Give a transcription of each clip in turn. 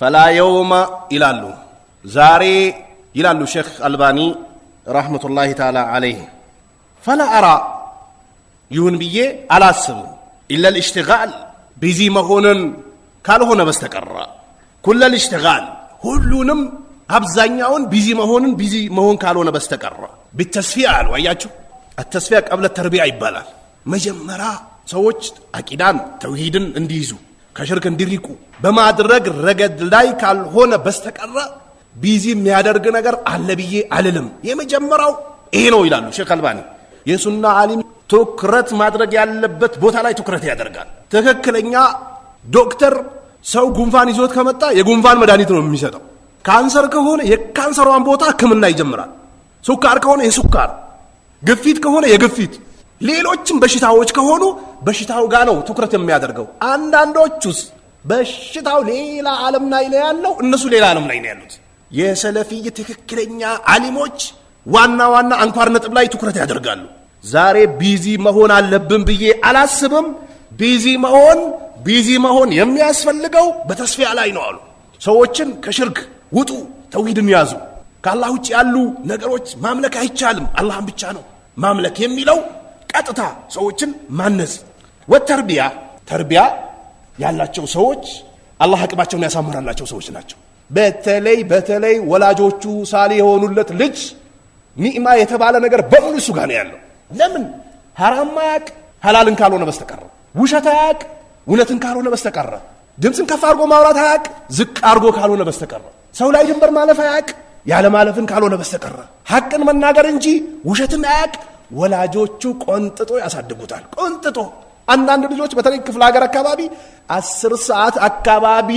ፈላ የውመ ይላሉ ዛሬ ይላሉ ሼክ አልባኒ ረሕመቱላሂ ተዓላ ዓለይህ ፈላ አራ ይሁን ብዬ አላስብም ኢለ ልእሽትጋል ቢዚ መሆንን ካልሆነ በስተቀረ ኩለ ልእሽትጋል ሁሉንም አብዛኛውን ቢዚ መሆንን ቢዚ መሆን ካልሆነ በስተቀረ ብተስፊያ አሉ። አያችሁ አተስፊያ ቀብለ ተርቢያ ይባላል። መጀመሪያ ሰዎች አቂዳን ተውሂድን እንዲይዙ ከሽርክ እንዲሪቁ በማድረግ ረገድ ላይ ካልሆነ በስተቀረ ቢዚ የሚያደርግ ነገር አለ ብዬ አልልም። የመጀመሪያው ይሄ ነው ይላሉ ሼክ አልባኒ። የሱና አሊም ትኩረት ማድረግ ያለበት ቦታ ላይ ትኩረት ያደርጋል። ትክክለኛ ዶክተር ሰው ጉንፋን ይዞት ከመጣ የጉንፋን መድኃኒት ነው የሚሰጠው። ካንሰር ከሆነ የካንሰሯን ቦታ ሕክምና ይጀምራል። ሱካር ከሆነ የሱካር፣ ግፊት ከሆነ የግፊት ሌሎችም በሽታዎች ከሆኑ በሽታው ጋር ነው ትኩረት የሚያደርገው። አንዳንዶቹስ በሽታው ሌላ ዓለም ላይ ነው ያለው፣ እነሱ ሌላ ዓለም ላይ ነው ያሉት። የሰለፊይ ትክክለኛ አሊሞች ዋና ዋና አንኳር ነጥብ ላይ ትኩረት ያደርጋሉ። ዛሬ ቢዚ መሆን አለብን ብዬ አላስብም። ቢዚ መሆን ቢዚ መሆን የሚያስፈልገው በተስፊያ ላይ ነው አሉ። ሰዎችን ከሽርክ ውጡ፣ ተውሂድን ያዙ። ከአላህ ውጭ ያሉ ነገሮች ማምለክ አይቻልም፣ አላህም ብቻ ነው ማምለክ የሚለው ቀጥታ ሰዎችን ማነጽ ወተርቢያ ተርቢያ ያላቸው ሰዎች አላህ አቅማቸውን ያሳምራላቸው ሰዎች ናቸው። በተለይ በተለይ ወላጆቹ ሳሊ የሆኑለት ልጅ ኒዕማ የተባለ ነገር በሙሉ እሱ ጋር ነው ያለው። ለምን ሐራም አያቅ ሐላልን ካልሆነ በስተቀረ ውሸት አያቅ እውነትን ካልሆነ በስተቀረ ድምፅን ከፍ አድርጎ ማውራት አያቅ ዝቅ አድርጎ ካልሆነ በስተቀረ ሰው ላይ ድንበር ማለፍ አያቅ ያለማለፍን ካልሆነ በስተቀረ ሐቅን መናገር እንጂ ውሸትን አያቅ ወላጆቹ ቆንጥጦ ያሳድጉታል። ቆንጥጦ አንዳንድ ልጆች በተለይ ክፍለ ሀገር አካባቢ አስር ሰዓት አካባቢ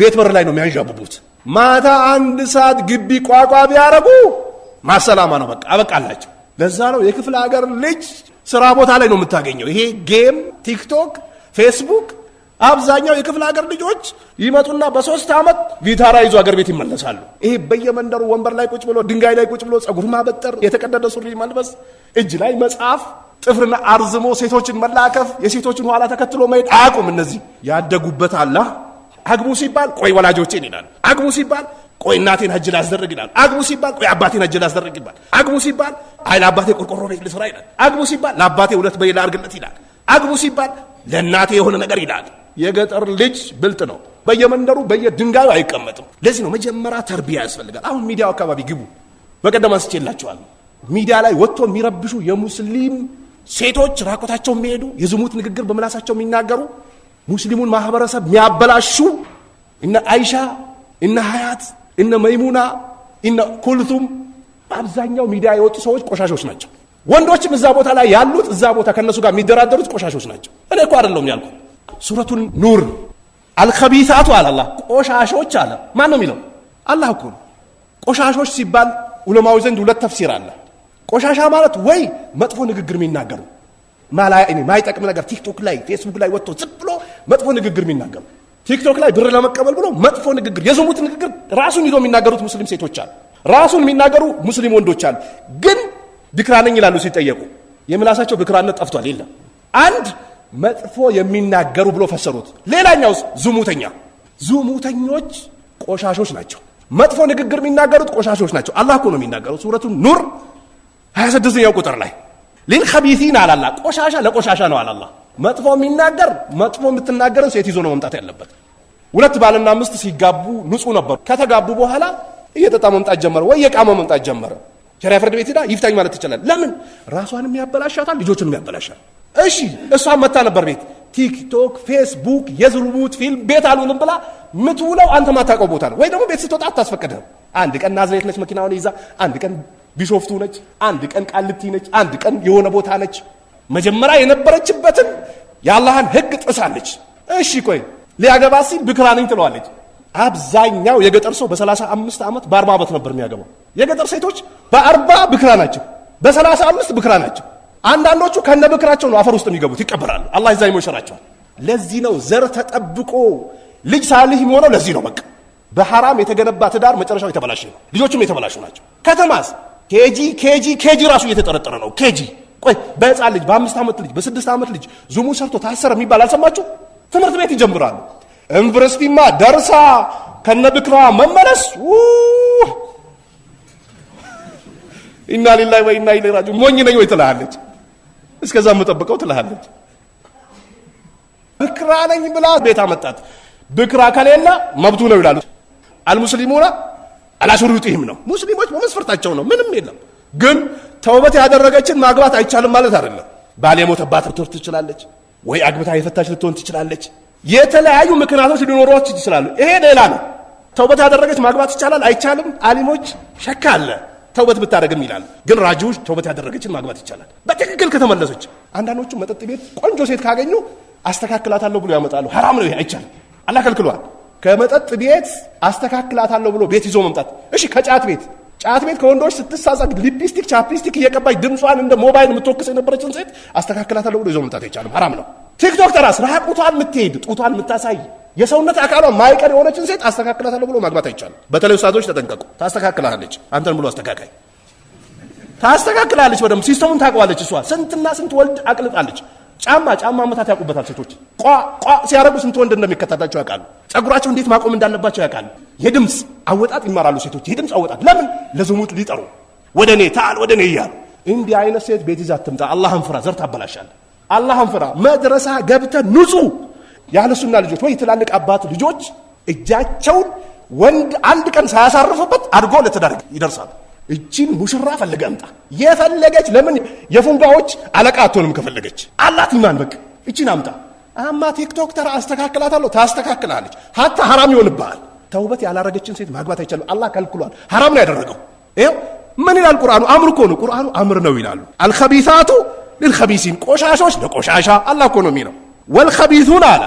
ቤት በር ላይ ነው የሚያንዣብቡት። ማታ አንድ ሰዓት ግቢ ቋቋ ቢያረጉ ማሰላማ ነው፣ በቃ አበቃላቸው። ለዛ ነው የክፍለ ሀገር ልጅ ስራ ቦታ ላይ ነው የምታገኘው። ይሄ ጌም፣ ቲክቶክ፣ ፌስቡክ አብዛኛው የክፍለ ሀገር ልጆች ይመጡና በሶስት ዓመት ቪታራ ይዞ አገር ቤት ይመለሳሉ። ይሄ በየመንደሩ ወንበር ላይ ቁጭ ብሎ ድንጋይ ላይ ቁጭ ብሎ ጸጉር ማበጠር፣ የተቀደደ ሱሪ መልበስ፣ እጅ ላይ መጽሐፍ፣ ጥፍርና አርዝሞ ሴቶችን መላከፍ፣ የሴቶችን ኋላ ተከትሎ መሄድ አያውቁም። እነዚህ ያደጉበት አላ አግቡ ሲባል ቆይ ወላጆቼን ይላል። አግቡ ሲባል ቆይ እናቴን ሀጅ ላስደርግ ይላል። አግቡ ሲባል ቆይ አባቴን ሀጅ ላስደርግ ይባል። አግቡ ሲባል አይ ለአባቴ ቆርቆሮ ቤት ልስራ ይላል። አግቡ ሲባል ለአባቴ ሁለት በሌላ ላርግለት ይላል። አግቡ ሲባል ለእናቴ የሆነ ነገር ይላል። የገጠር ልጅ ብልጥ ነው። በየመንደሩ በየድንጋዩ አይቀመጥም። ለዚህ ነው መጀመሪያ ተርቢያ ያስፈልጋል። አሁን ሚዲያው አካባቢ ግቡ። በቀደም አንስቼላቸዋለሁ። ሚዲያ ላይ ወጥቶ የሚረብሹ የሙስሊም ሴቶች ራቆታቸው የሚሄዱ የዝሙት ንግግር በምላሳቸው የሚናገሩ ሙስሊሙን ማህበረሰብ የሚያበላሹ እነ አይሻ እነ ሀያት እነ መይሙና እነ ኩልቱም በአብዛኛው ሚዲያ የወጡ ሰዎች ቆሻሾች ናቸው። ወንዶችም እዛ ቦታ ላይ ያሉት እዛ ቦታ ከነሱ ጋር የሚደራደሩት ቆሻሾች ናቸው። እኔ እኮ አይደለሁም ያልኩ። ሱረቱን ኑር አልከቢሳቱ አለ አላህ ቆሻሾች አለ። ማን ነው የሚለው? አላህ እኮ ነው። ቆሻሾች ሲባል ዑለማዊ ዘንድ ሁለት ተፍሲር አለ። ቆሻሻ ማለት ወይ መጥፎ ንግግር የሚናገሩ ማይጠቅም ነገር ቲክቶክ ላይ ፌስቡክ ላይ ወጥቶ ዝም ብሎ መጥፎ ንግግር የሚናገሩ ቲክቶክ ላይ ብር ለመቀበል ብሎ መጥፎ ንግግር የዝሙት ንግግር ራሱን ይዞ የሚናገሩት ሙስሊም ሴቶች አሉ። ራሱን የሚናገሩ ሙስሊም ወንዶች አሉ ግን ብክራ ነኝ ይላሉ ሲጠየቁ። የምላሳቸው ብክራነት ጠፍቷል። የለም አንድ መጥፎ የሚናገሩ ብሎ ፈሰሩት። ሌላኛውስ ዝሙተኛ። ዝሙተኞች ቆሻሾች ናቸው። መጥፎ ንግግር የሚናገሩት ቆሻሾች ናቸው። አላህ እኮ ነው የሚናገሩት። ሱረቱ ኑር 26ኛው ቁጥር ላይ ሊልከቢሲን አላላ ቆሻሻ ለቆሻሻ ነው አላላ። መጥፎ የሚናገር መጥፎ የምትናገረው ሴት ይዞ ነው መምጣት ያለበት። ሁለት ባልና ምስት ሲጋቡ ንጹህ ነበሩ። ከተጋቡ በኋላ እየጠጣ መምጣት ጀመረ ወይ የቃመ መምጣት ጀመረ። ሸሪያ ፍርድ ቤት ሄዳ ይፍታኝ ማለት ትችላል። ለምን ራሷንም ያበላሻታል፣ ልጆቹንም ያበላሻል። እሺ እሷ መታ ነበር ቤት ቲክቶክ፣ ፌስቡክ፣ የዝሩቡት ፊልም ቤት አልውልም ብላ ምትውለው አንተ ማታውቀው ቦታ ነው። ወይ ደግሞ ቤት ስትወጣ አታስፈቅድህም። አንድ ቀን ናዝሬት ነች መኪናውን ይዛ፣ አንድ ቀን ቢሾፍቱ ነች፣ አንድ ቀን ቃልቲ ነች፣ አንድ ቀን የሆነ ቦታ ነች። መጀመሪያ የነበረችበትን የአላህን ህግ ጥሳለች። እሺ ቆይ ሊያገባ ሲል ብክራ ነኝ ትለዋለች። አብዛኛው የገጠር ሰው በሰላሳ አምስት ዓመት በአርባ ዓመት ነበር የሚያገባው። የገጠር ሴቶች በአርባ ብክራ ናቸው፣ በሰላሳ አምስት ብክራ ናቸው። አንዳንዶቹ ከነ ብክራቸው ነው አፈር ውስጥ የሚገቡት፣ ይቀበራሉ። አላህ ይዛ ይሞሸራቸዋል። ለዚህ ነው ዘር ተጠብቆ ልጅ ሳልህ የሚሆነው። ለዚህ ነው በቃ በሐራም የተገነባ ትዳር መጨረሻው የተበላሸ ነው። ልጆቹም የተበላሹ ናቸው። ከተማስ ኬጂ ኬጂ ኬጂ ራሱ እየተጠረጠረ ነው። ኬጂ ቆይ በህፃን ልጅ በአምስት ዓመት ልጅ በስድስት ዓመት ልጅ ዙሙ ሰርቶ ታሰረ የሚባል አልሰማችሁ? ትምህርት ቤት ይጀምራሉ። ዩኒቨርሲቲማ ደርሳ ከነብክራዋ መመለስ ኢና ሊላሂ ወኢና ኢለይሂ ራጂዑን ሞኝ ነኝ ወይ ትልሃለች። እስከዛ የምጠብቀው ትልሃለች። ብክራ ነኝ ብላ ቤት አመጣት። ብክራ ከሌላ መብቱ ነው ይላሉ። አልሙስሊሙና አላሹሩጢህም ነው ሙስሊሞች በመስፈርታቸው ነው። ምንም የለም። ግን ተውበት ያደረገችን ማግባት አይቻልም ማለት አይደለም። ባል የሞተባት ልትሆን ትችላለች ወይ አግብታ የፈታች ልትሆን ትችላለች። የተለያዩ ምክንያቶች ሊኖሯች ይችላሉ። ይሄ ሌላ ነው። ተውበት ያደረገች ማግባት ይቻላል አይቻልም? አሊሞች ሸካ አለ። ተውበት ብታደረግም ይላሉ። ግን ራጂዎች ተውበት ያደረገችን ማግባት ይቻላል በትክክል ከተመለሰች። አንዳንዶቹ መጠጥ ቤት ቆንጆ ሴት ካገኙ አስተካክላታለሁ ብሎ ያመጣሉ። ሐራም ነው ይሄ፣ አይቻልም። አላህ ከልክሏል። ከመጠጥ ቤት አስተካክላታለሁ ብሎ ቤት ይዞ መምጣት። እሺ፣ ከጫት ቤት ጫት ቤት ከወንዶች ስትሳሳቅ ሊፕስቲክ፣ ቻፕስቲክ እየቀባች ድምጿን እንደ ሞባይል የምትወቅስ የነበረችን ሴት አስተካክላታለሁ ብሎ ይዞ መምጣት አይቻልም፣ ሐራም ነው። ቲክቶክ ጠራስ ራቁቷን የምትሄድ ጡቷን የምታሳይ የሰውነት አካሏ ማይቀር የሆነችን ሴት አስተካክላታለሁ ብሎ ማግባት አይቻልም። በተለይ ውሳቶች ተጠንቀቁ። ታስተካክላለች፣ አንተን ብሎ አስተካካይ ታስተካክላለች። በደምብ ሲስተሙን ታውቀዋለች። እሷ ስንትና ስንት ወልድ አቅልጣለች። ጫማ ጫማ አመታት ያውቁበታል። ሴቶች ቋ ቋ ሲያረጉ ስንት ወንድ እንደሚከታታቸው ያውቃሉ። ጸጉራቸው እንዴት ማቆም እንዳለባቸው ያውቃሉ። የድምፅ አወጣጥ ይማራሉ። ሴቶች የድምፅ አወጣጥ ለምን ለዝሙት ሊጠሩ ወደ እኔ ታል ወደ እኔ እያሉ እንዲህ አይነት ሴት ቤት ይዛ አትምጣ። አላህን ፍራ፣ ዘር ታበላሻለህ። አላህን ፍራ። መድረሳ ገብተ ንጹ ንጹህ ሱና ልጆች ወይ ትላልቅ አባት ልጆች እጃቸውን ወንድ አንድ ቀን ሳያሳርፍበት አድጎ ለትዳር ይደርሳል። እችን ሙሽራ ፈልገህ አምጣ። የፈለገች ለምን የፉንጋዎች አለቃ አትሆንም? ከፈለገች አላት ኢማን በቅ እችን አምጣ። አማ ቲክቶክ ተራ አስተካክላታለሁ፣ ታስተካክላለች። ሀታ ሀራም ይሆንብሃል። ተውበት ያላረገችን ሴት ማግባት አይቻልም። አላህ ከልክሏል፣ ሀራም ነው ያደረገው። ይኸው ምን ይላል ቁርአኑ? አምር እኮ ነው ቁርአኑ፣ አምር ነው ይላሉ አልከቢታቱ ልልከቢሲን ቆሻሾች ለቆሻሻ አላህ እኮ ነው የሚለው። ወልከቢቱን አለ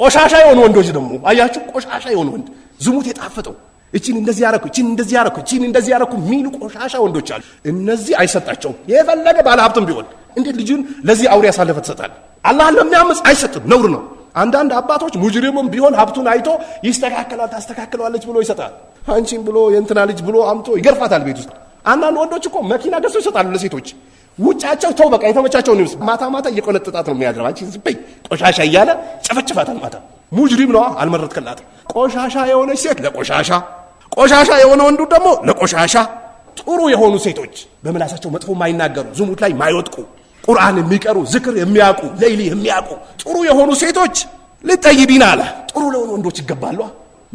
ቆሻሻ የሆኑ ወንዶች ደግሞ አያችሁ፣ ቆሻሻ የሆኑ ወንድ ዝሙት የጣፈጠው እችን እንደዚህ ያረኩ እችን እንደዚህ ያረኩ እችን እንደዚህ ያረኩ ሚሉ ቆሻሻ ወንዶች አሉ። እነዚህ አይሰጣቸውም። የፈለገ ባለ ሀብትም ቢሆን እንዴት ልጅን ለዚህ አውሬ ያሳለፈ ትሰጣል? አላህን ለሚያምጽ አይሰጥም፣ ነውር ነው። አንዳንድ አባቶች ሙጅሪሙም ቢሆን ሀብቱን አይቶ ይስተካከላል፣ ታስተካክለዋለች ብሎ ይሰጣል። አንቺን ብሎ የእንትና ልጅ ብሎ አምቶ ይገርፋታል ቤት ውስጥ። አንዳንድ ወንዶች እኮ መኪና ገዝቶ ይሰጣሉ ለሴቶች ውጫቸው ተው በቃ የተመቻቸው ንብስ ማታ ማታ እየቆነጠጣት ነው የሚያድረው። አንቺ ዝም በይ ቆሻሻ እያለ ጨፈጭፋታል። ማታ ሙጅሪም ነዋ፣ አልመረጥክላትም። ቆሻሻ የሆነች ሴት ለቆሻሻ ቆሻሻ የሆነ ወንዱ ደግሞ ለቆሻሻ። ጥሩ የሆኑ ሴቶች በምላሳቸው መጥፎ የማይናገሩ ዝሙት ላይ ማይወጥቁ ቁርአን የሚቀሩ ዝክር የሚያውቁ ሌሊ የሚያውቁ ጥሩ የሆኑ ሴቶች ልጠይቢና አለ ጥሩ ለሆኑ ወንዶች ይገባሉ።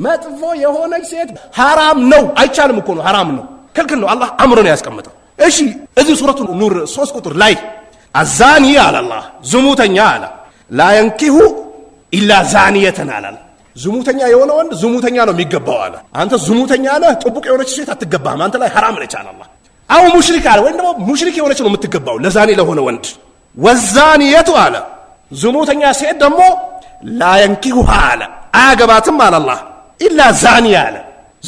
መጥፎ የሆነች ሴት ሐራም ነው አይቻልም እኮ ነው፣ ሐራም ነው፣ ክልክል ነው። አላህ አምሮ ነው ያስቀምጠው። እሺ እዚህ ሱረቱ ኑር ሶስት ቁጥር ላይ አዛኒ አለ አላህ ዝሙተኛ አለ ላየንኪሁ ኢላ ዛኒየተን አላል ዝሙተኛ የሆነ ወንድ ዝሙተኛ ነው የሚገባው አለ አንተ ዝሙተኛ ነህ ጥቡቅ የሆነች ሴት አትገባህም አንተ ላይ ሐራም ነች አለ አላህ ሙሽሪክ አለ ወይም ደግሞ ሙሽሪክ የሆነች ነው የምትገባው ለዛኒ ለሆነ ወንድ ወዛኒየቱ አለ ዝሙተኛ ሴት ደግሞ ላየንኪሁ አለ አያገባትም አለ ኢላ ዛኒ አለ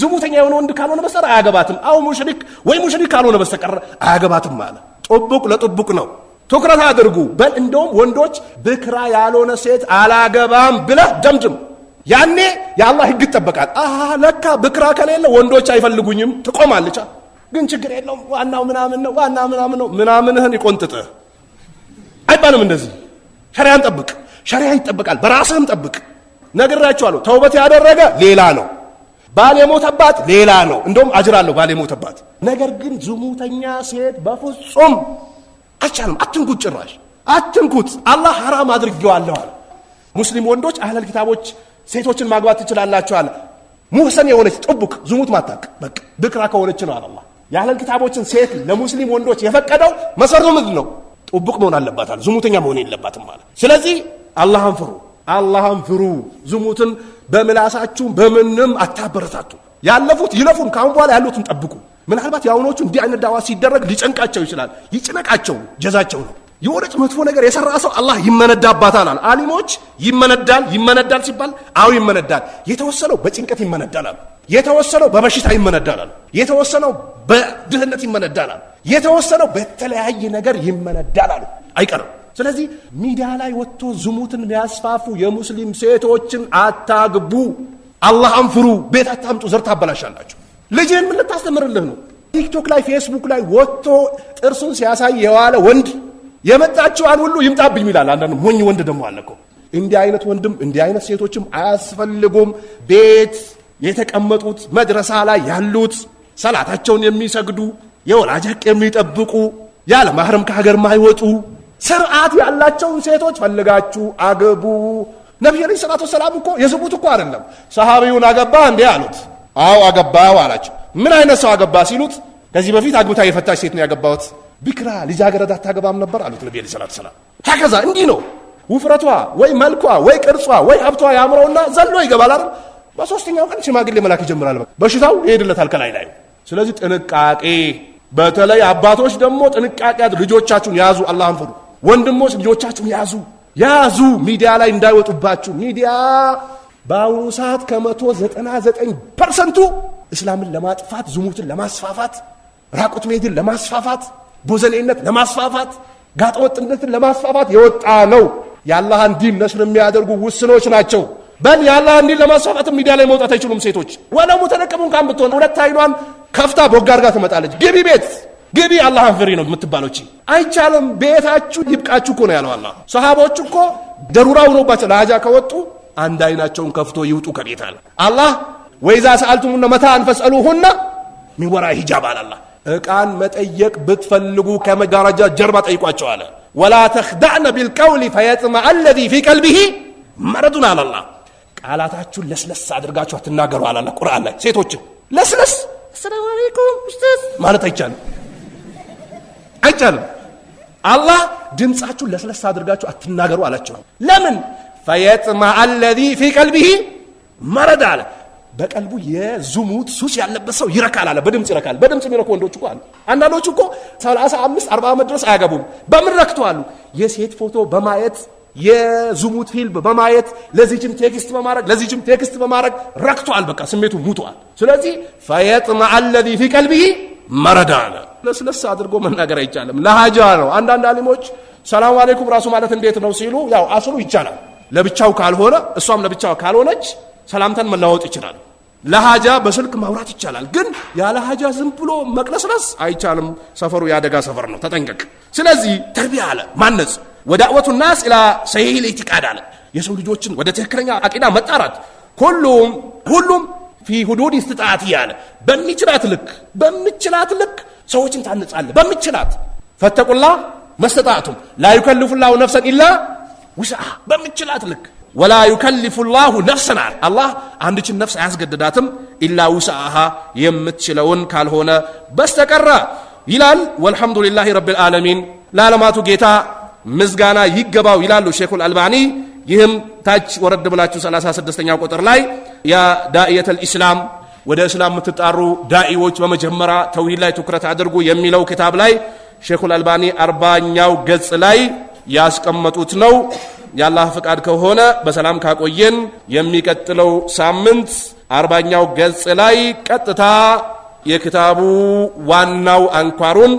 ዝሙተኛ የሆነ ወንድ ካልሆነ በስተቀር አያገባትም። አው ሙሽሪክ ወይ ሙሽሪክ ካልሆነ በስተቀር አያገባትም አለ። ጥቡቅ ለጥቡቅ ነው። ትኩረት አድርጉ። በል እንደውም ወንዶች ብክራ ያልሆነ ሴት አላገባም ብለህ ደምድም። ያኔ የአላህ ሕግ ይጠበቃል። አሃ ለካ ብክራ ከሌለ ወንዶች አይፈልጉኝም ትቆማለች። ግን ችግር የለውም ዋናው ምናምን ነው ዋና ምናምን ነው ምናምንህን ይቆንጥጥህ አይባልም። እንደዚህ ሸሪያን ጠብቅ። ሸሪያ ይጠብቃል። በራስህም ጠብቅ። ነግራችኋለሁ። ተውበት ያደረገ ሌላ ነው። ባል የሞተባት ሌላ ነው። እንደውም አጅር አለው ባል የሞተባት። ነገር ግን ዝሙተኛ ሴት በፍጹም አይቻልም። አትንኩት፣ ጭራሽ አትንኩት። አላህ ሐራም አድርጌዋለሁ አለ። ሙስሊም ወንዶች አህለል ኪታቦች ሴቶችን ማግባት ትችላላችኋል። ሙህሰን የሆነች ጥቡቅ ዝሙት ማታቅ በቃ ድክራ ከሆነች ነው አለ አላህ። የአህለል ኪታቦችን ሴት ለሙስሊም ወንዶች የፈቀደው መሰረቱ ምንድን ነው? ጥቡቅ መሆን አለባታል፣ ዝሙተኛ መሆን የለባትም ማለት። ስለዚህ አላህን ፍሩ፣ አላህን ፍሩ ዝሙትን በምላሳችሁም በምንም አታበረታቱ። ያለፉት ይለፉን፣ ካሁን በኋላ ያሉትን ጠብቁ። ምናልባት የአሁኖቹ እንዲህ አይነት ዳዋ ሲደረግ ሊጨንቃቸው ይችላል። ይጭነቃቸው፣ ጀዛቸው ነው። የወደጭ መጥፎ ነገር የሰራ ሰው አላህ ይመነዳባታል አሊሞች። ይመነዳል ይመነዳል ሲባል አዎ ይመነዳል። የተወሰነው በጭንቀት ይመነዳላል፣ የተወሰነው በበሽታ ይመነዳላል፣ የተወሰነው በድህነት ይመነዳላል፣ የተወሰነው በተለያየ ነገር ይመነዳላል። አይቀርም ስለዚህ ሚዲያ ላይ ወጥቶ ዝሙትን የሚያስፋፉ የሙስሊም ሴቶችን አታግቡ፣ አላህ ፍሩ፣ ቤት አታምጡ፣ ዘር ታበላሻላችሁ። ልጅህን ምን ልታስተምርልህ ነው? ቲክቶክ ላይ ፌስቡክ ላይ ወጥቶ ጥርሱን ሲያሳይ የዋለ ወንድ የመጣችዋን ሁሉ ይምጣብኝ ይላል። አንዳንድ ሞኝ ወንድ ደግሞ አለ እንዲህ አይነት ወንድም እንዲህ አይነት ሴቶችም አያስፈልጉም። ቤት የተቀመጡት መድረሳ ላይ ያሉት ሰላታቸውን የሚሰግዱ የወላጅ ሀቅ የሚጠብቁ ያለ ማህረም ከሀገር ማይወጡ ስርዓት ያላቸውን ሴቶች ፈልጋችሁ አገቡ ነቢዩ ዐለይሂ ሰላቱ ወሰላም እኮ የዝሙት እኮ አይደለም። ሰሃቢውን አገባህ እንዴ አሉት። አዎ አገባው አላቸው። ምን አይነት ሰው አገባ ሲሉት ከዚህ በፊት አግብታ የፈታች ሴት ነው ያገባሁት። ቢክራ ልጃገረድ አታገባም ነበር አሉት ነቢ ዐለይሂ ሰላቱ ወሰላም። ሀከዛ እንዲህ ነው ውፍረቷ ወይ መልኳ ወይ ቅርጿ ወይ ሀብቷ ያምረውና ዘሎ ይገባል አይደል። በሶስተኛው ቀን ሽማግሌ መላክ ይጀምራል። በሽታው ይሄድለታል ከላይ ላይ። ስለዚህ ጥንቃቄ፣ በተለይ አባቶች ደግሞ ጥንቃቄ ልጆቻችሁን ያዙ፣ አላህን ፍሩ። ወንድሞች ልጆቻችሁ ያዙ ያዙ፣ ሚዲያ ላይ እንዳይወጡባችሁ። ሚዲያ በአሁኑ ሰዓት ከመቶ ዘጠና ዘጠኝ ፐርሰንቱ እስላምን ለማጥፋት፣ ዝሙትን ለማስፋፋት፣ ራቁት መሄድን ለማስፋፋት፣ ቦዘኔነት ለማስፋፋት፣ ጋጠወጥነትን ለማስፋፋት የወጣ ነው። የአላህን ዲን ነስር የሚያደርጉ ውስኖች ናቸው። በል የአላህን ዲን ለማስፋፋት ሚዲያ ላይ መውጣት አይችሉም ሴቶች። ወለሙ ተለቀሙን ካም ብትሆን ሁለት አይኗን ከፍታ ቦጋር ጋር ትመጣለች። ግቢ ቤት ግቢ አላህን ፍሪ ነው የምትባለው። እቺ አይቻልም። ቤታችሁ ይብቃችሁ እኮ ነው ያለው አላህ። ሰሃቦች እኮ ደሩራ ሆኖባቸው ለሀጃ ከወጡ አንድ አይናቸውን ከፍቶ ይውጡ ከቤት አለ አላህ። ወይዛ ሰአልቱሙና መታን ፈስአሉሁና ሚን ወራኢ ሂጃብ አለ አላህ። መጠየቅ ብትፈልጉ ከመጋረጃ ጀርባ ጠይቋቸው አለ። ወላ ተኽዳዕነ ቢልቀውሊ ፈየጥመዐ አለዚ ፊ ቀልቢሂ መረዱን አለ ቃላታችሁን ለስለስ አድርጋችሁ አትናገሩ አለ ቁርአን ላይ ሴቶችን ለስለስ አሰላሙ አለይኩም ኡስታዝ ማለት አይቻልም። አይቻልም። አላህ ድምፃችሁን ለስለስ አድርጋችሁ አትናገሩ አላቸው። ለምን ፈየጥማ አለዚ ፊ ቀልቢሂ መረድ አለ። በቀልቡ የዝሙት ሱስ ያለበት ሰው ይረካል አለ። በድምፅ ይረካል። በድምፅ የሚረኩ ወንዶች እኮ አሉ። አንዳንዶቹ እኮ 35 አምስት አርባ ዓመት ድረስ አያገቡም። በምን ረክቱ አሉ? የሴት ፎቶ በማየት የዝሙት ፊልም በማየት ለዚችም ቴክስት በማድረግ ለዚችም ቴክስት በማድረግ ረክቷል። በቃ ስሜቱ ሙቷል። ስለዚህ ፈየጥማ አለዚ ፊ ቀልቢሂ መረድ አለ። ለስለስ አድርጎ መናገር አይቻልም። ለሀጃ ነው። አንዳንድ አሊሞች ሰላም አለይኩም ራሱ ማለት እንዴት ነው ሲሉ፣ ያው አስሉ ይቻላል። ለብቻው ካልሆነ እሷም ለብቻው ካልሆነች ሰላምታን መለዋወጥ ይችላል። ለሀጃ በስልክ ማውራት ይቻላል። ግን ያለ ሀጃ ዝም ብሎ መቅለስለስ አይቻልም። ሰፈሩ የአደጋ ሰፈር ነው፣ ተጠንቀቅ። ስለዚህ ተርቢያ አለ ማነጽ፣ ወዳዕወቱ ናስ ኢላ ሰሂል ኢዕቲቃድ አለ የሰው ልጆችን ወደ ትክክለኛ አቂዳ መጣራት ሁሉም ሁሉም ፊ ሁዱድ ኢስቲጣዓቲ አለ በሚችላት ልክ በሚችላት ልክ ሰዎችን ታንጻለ በምችላት ፈተቁላ መስተጣዕቱም ላ ዩከልፉላሁ ነፍሰን ኢላ ውስአ በምችላት ልክ ወላ ዩከልፉላሁ ነፍሰን አለ አላህ አንድችን ነፍስ አያስገድዳትም ኢላ ውስአሃ የምትችለውን ካልሆነ በስተቀረ ይላል። ወልሐምዱሊላሂ ረቢል ዓለሚን ለዓለማቱ ጌታ ምዝጋና ይገባው ይላሉ ሼኹል አልባኒ። ይህም ታች ወረድ ብላችሁ 36ኛው ቁጥር ላይ ያ ዳእየተል ኢስላም ወደ እስላም የምትጣሩ ዳኢዎች በመጀመሪያ ተውሂድ ላይ ትኩረት አድርጉ የሚለው ክታብ ላይ ሼኩል አልባኒ አርባኛው ገጽ ላይ ያስቀመጡት ነው። የአላህ ፍቃድ ከሆነ በሰላም ካቆየን የሚቀጥለው ሳምንት አርባኛው ገጽ ላይ ቀጥታ የክታቡ ዋናው አንኳሩን